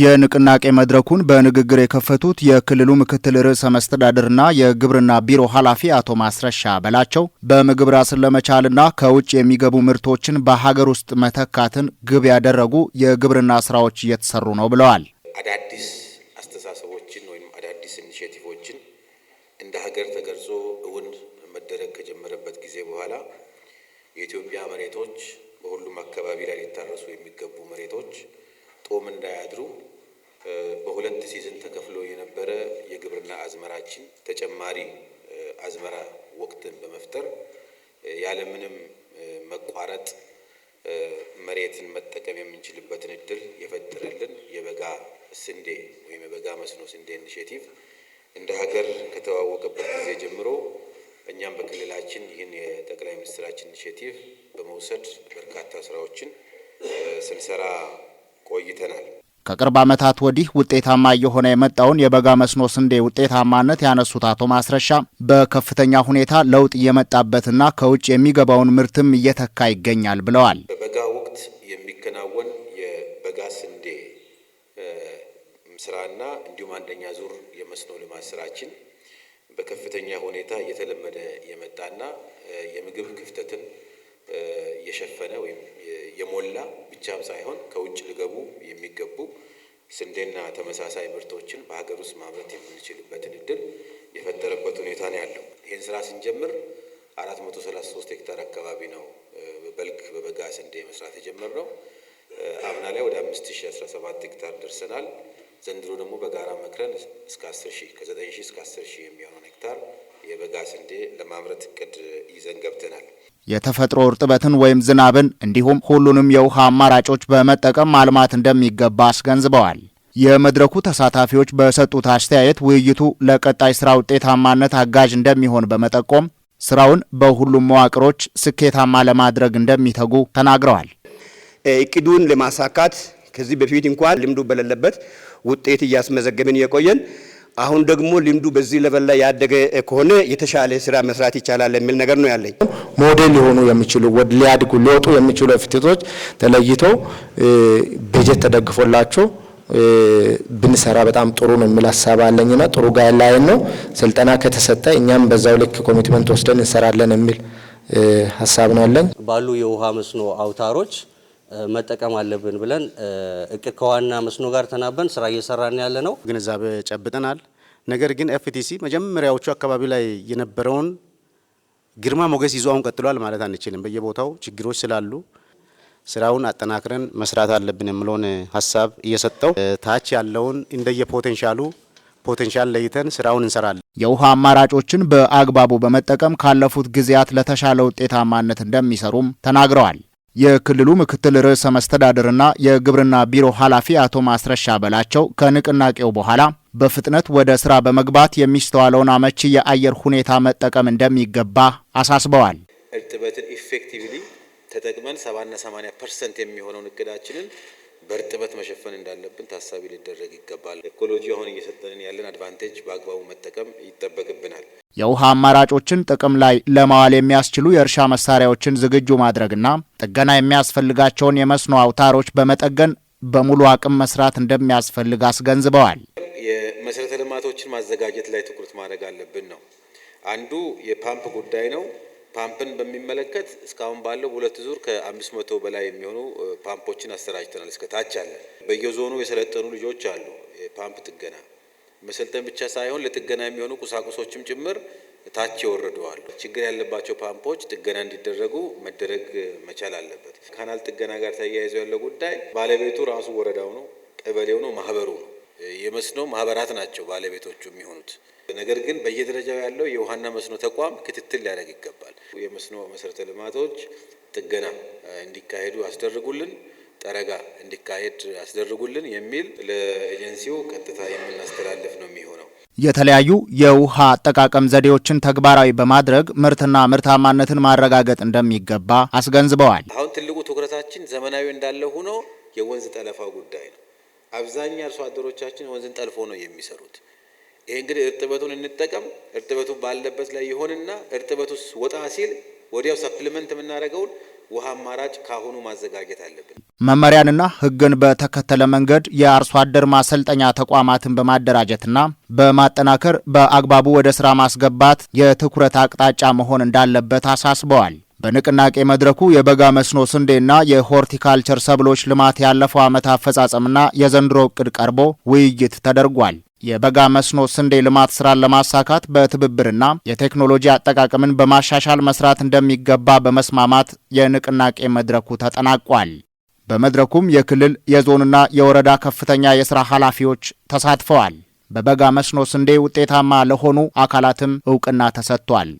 የንቅናቄ መድረኩን በንግግር የከፈቱት የክልሉ ምክትል ርዕሰ መስተዳድርና የግብርና ቢሮ ኃላፊ አቶ ማስረሻ በላቸው በምግብ ራስን ለመቻልና ከውጭ የሚገቡ ምርቶችን በሀገር ውስጥ መተካትን ግብ ያደረጉ የግብርና ስራዎች እየተሰሩ ነው ብለዋል። አዳዲስ አስተሳሰቦችን ወይም አዳዲስ ኢኒሽቲቮችን እንደ ሀገር ተገርጾ እውን መደረግ ከጀመረበት ጊዜ በኋላ የኢትዮጵያ መሬቶች በሁሉም አካባቢ ላይ ሊታረሱ የሚገቡ መሬቶች ጦም እንዳያድሩ በሁለት ሲዝን ተከፍሎ የነበረ የግብርና አዝመራችን ተጨማሪ አዝመራ ወቅትን በመፍጠር ያለምንም መቋረጥ መሬትን መጠቀም የምንችልበትን እድል የፈጠረልን የበጋ ስንዴ ወይም የበጋ መስኖ ስንዴ ኢኒሽቲቭ እንደ ሀገር ከተዋወቀበት ጊዜ ጀምሮ እኛም በክልላችን ይህን የጠቅላይ ሚኒስትራችን ኢኒሽቲቭ በመውሰድ በርካታ ስራዎችን ስንሰራ ቆይተናል። ከቅርብ ዓመታት ወዲህ ውጤታማ እየሆነ የመጣውን የበጋ መስኖ ስንዴ ውጤታማነት ያነሱት አቶ ማስረሻ በከፍተኛ ሁኔታ ለውጥ እየመጣበትና ከውጭ የሚገባውን ምርትም እየተካ ይገኛል ብለዋል። በበጋ ወቅት የሚከናወን የበጋ ስንዴ ስራና እንዲሁም አንደኛ ዙር የመስኖ ልማት ስራችን በከፍተኛ ሁኔታ እየተለመደ የመጣና የምግብ ክፍተትን የሸፈነ ወይም የሞላ ብቻም ሳይሆን ከውጭ ልገቡ የሚገቡ ስንዴና ተመሳሳይ ምርቶችን በሀገር ውስጥ ማምረት የምንችልበትን እድል የፈጠረበት ሁኔታ ነው ያለው። ይህን ስራ ስንጀምር አራት መቶ ሰላሳ ሶስት ሄክታር አካባቢ ነው በልክ በበጋ ስንዴ መስራት የጀመርነው። አምና ላይ ወደ አምስት ሺ አስራ ሰባት ሄክታር ደርሰናል። ዘንድሮ ደግሞ በጋራ መክረን እስከ አስር ሺህ ከዘጠኝ ሺህ እስከ አስር ሺህ የሚሆነውን ሄክታር የበጋ ስንዴ ለማምረት እቅድ ይዘን ገብተናል። የተፈጥሮ እርጥበትን ወይም ዝናብን እንዲሁም ሁሉንም የውሃ አማራጮች በመጠቀም ማልማት እንደሚገባ አስገንዝበዋል። የመድረኩ ተሳታፊዎች በሰጡት አስተያየት ውይይቱ ለቀጣይ ስራ ውጤታማነት አጋዥ እንደሚሆን በመጠቆም ስራውን በሁሉም መዋቅሮች ስኬታማ ለማድረግ እንደሚተጉ ተናግረዋል። እቅዱን ለማሳካት ከዚህ በፊት እንኳን ልምዱ በሌለበት ውጤት እያስመዘገብን የቆየን አሁን ደግሞ ልምዱ በዚህ ለበል ላይ ያደገ ከሆነ የተሻለ ስራ መስራት ይቻላል የሚል ነገር ነው ያለኝ። ሞዴል ሊሆኑ የሚችሉ ወድ ሊያድጉ ሊወጡ የሚችሉ ፍትቶች ተለይቶ በጀት ተደግፎላቸው ብንሰራ በጣም ጥሩ ነው የሚል ሀሳብ አለኝና ጥሩ ጋር ላይን ነው ስልጠና ከተሰጠ እኛም በዛው ልክ ኮሚትመንት ወስደን እንሰራለን የሚል ሀሳብ ነው ያለኝ። ባሉ የውሃ መስኖ አውታሮች መጠቀም አለብን ብለን እቅድ ከዋና መስኖ ጋር ተናበን ስራ እየሰራን ያለ ነው። ግንዛቤ ጨብጠናል። ነገር ግን ኤፍቲሲ መጀመሪያዎቹ አካባቢ ላይ የነበረውን ግርማ ሞገስ ይዞ አሁን ቀጥሏል ማለት አንችልም። በየቦታው ችግሮች ስላሉ ስራውን አጠናክረን መስራት አለብን የምለውን ሀሳብ እየሰጠው ታች ያለውን እንደየፖቴንሻሉ ፖቴንሻል ለይተን ስራውን እንሰራለን። የውሃ አማራጮችን በአግባቡ በመጠቀም ካለፉት ጊዜያት ለተሻለ ውጤታማነት እንደሚሰሩም ተናግረዋል። የክልሉ ምክትል ርዕሰ መስተዳድርና የግብርና ቢሮ ኃላፊ አቶ ማስረሻ በላቸው ከንቅናቄው በኋላ በፍጥነት ወደ ስራ በመግባት የሚስተዋለውን አመቺ የአየር ሁኔታ መጠቀም እንደሚገባ አሳስበዋል። እርጥበትን ኢፌክቲቭሊ ተጠቅመን ሰባና ሰማንያ ፐርሰንት የሚሆነውን እቅዳችንን በእርጥበት መሸፈን እንዳለብን ታሳቢ ሊደረግ ይገባል። ኤኮሎጂ አሁን እየሰጠንን ያለን አድቫንቴጅ በአግባቡ መጠቀም ይጠበቅብናል። የውሃ አማራጮችን ጥቅም ላይ ለማዋል የሚያስችሉ የእርሻ መሳሪያዎችን ዝግጁ ማድረግና ጥገና የሚያስፈልጋቸውን የመስኖ አውታሮች በመጠገን በሙሉ አቅም መስራት እንደሚያስፈልግ አስገንዝበዋል። የመሰረተ ልማቶችን ማዘጋጀት ላይ ትኩረት ማድረግ አለብን ነው አንዱ የፓምፕ ጉዳይ ነው። ፓምፕን በሚመለከት እስካሁን ባለው ሁለት ዙር ከአምስት መቶ በላይ የሚሆኑ ፓምፖችን አሰራጭተናል። እስከ ታች አለ። በየዞኑ የሰለጠኑ ልጆች አሉ። የፓምፕ ጥገና መሰልጠን ብቻ ሳይሆን ለጥገና የሚሆኑ ቁሳቁሶችም ጭምር ታች ይወርደዋል። ችግር ያለባቸው ፓምፖች ጥገና እንዲደረጉ መደረግ መቻል አለበት። ካናል ጥገና ጋር ተያይዞ ያለው ጉዳይ ባለቤቱ ራሱ ወረዳው ነው፣ ቀበሌው ነው፣ ማህበሩ ነው። የመስኖ ማህበራት ናቸው ባለቤቶቹ የሚሆኑት። ነገር ግን በየደረጃው ያለው የውሃና መስኖ ተቋም ክትትል ሊያደርግ ይገባል። የመስኖ መሰረተ ልማቶች ጥገና እንዲካሄዱ አስደርጉልን፣ ጠረጋ እንዲካሄድ አስደርጉልን የሚል ለኤጀንሲው ቀጥታ የምናስተላልፍ ነው የሚሆነው። የተለያዩ የውሃ አጠቃቀም ዘዴዎችን ተግባራዊ በማድረግ ምርትና ምርታማነትን ማረጋገጥ እንደሚገባ አስገንዝበዋል። አሁን ትልቁ ትኩረታችን ዘመናዊ እንዳለ ሆኖ የወንዝ ጠለፋ ጉዳይ ነው። አብዛኛው አርሶ አደሮቻችን ወንዝን ጠልፎ ነው የሚሰሩት። ይሄ እንግዲህ እርጥበቱን እንጠቀም። እርጥበቱ ባለበት ላይ ይሆንና እርጥበቱ ወጣ ሲል ወዲያው ሰፕሊመንት የምናደርገውን ውሃ አማራጭ ካሁኑ ማዘጋጀት አለብን። መመሪያንና ሕግን በተከተለ መንገድ የአርሶ አደር ማሰልጠኛ ተቋማትን በማደራጀትና በማጠናከር በአግባቡ ወደ ስራ ማስገባት የትኩረት አቅጣጫ መሆን እንዳለበት አሳስበዋል። በንቅናቄ መድረኩ የበጋ መስኖ ስንዴና የሆርቲካልቸር ሰብሎች ልማት ያለፈው ዓመት አፈጻጸምና የዘንድሮ እቅድ ቀርቦ ውይይት ተደርጓል። የበጋ መስኖ ስንዴ ልማት ስራን ለማሳካት በትብብርና የቴክኖሎጂ አጠቃቀምን በማሻሻል መስራት እንደሚገባ በመስማማት የንቅናቄ መድረኩ ተጠናቋል። በመድረኩም የክልል የዞንና የወረዳ ከፍተኛ የሥራ ኃላፊዎች ተሳትፈዋል። በበጋ መስኖ ስንዴ ውጤታማ ለሆኑ አካላትም እውቅና ተሰጥቷል።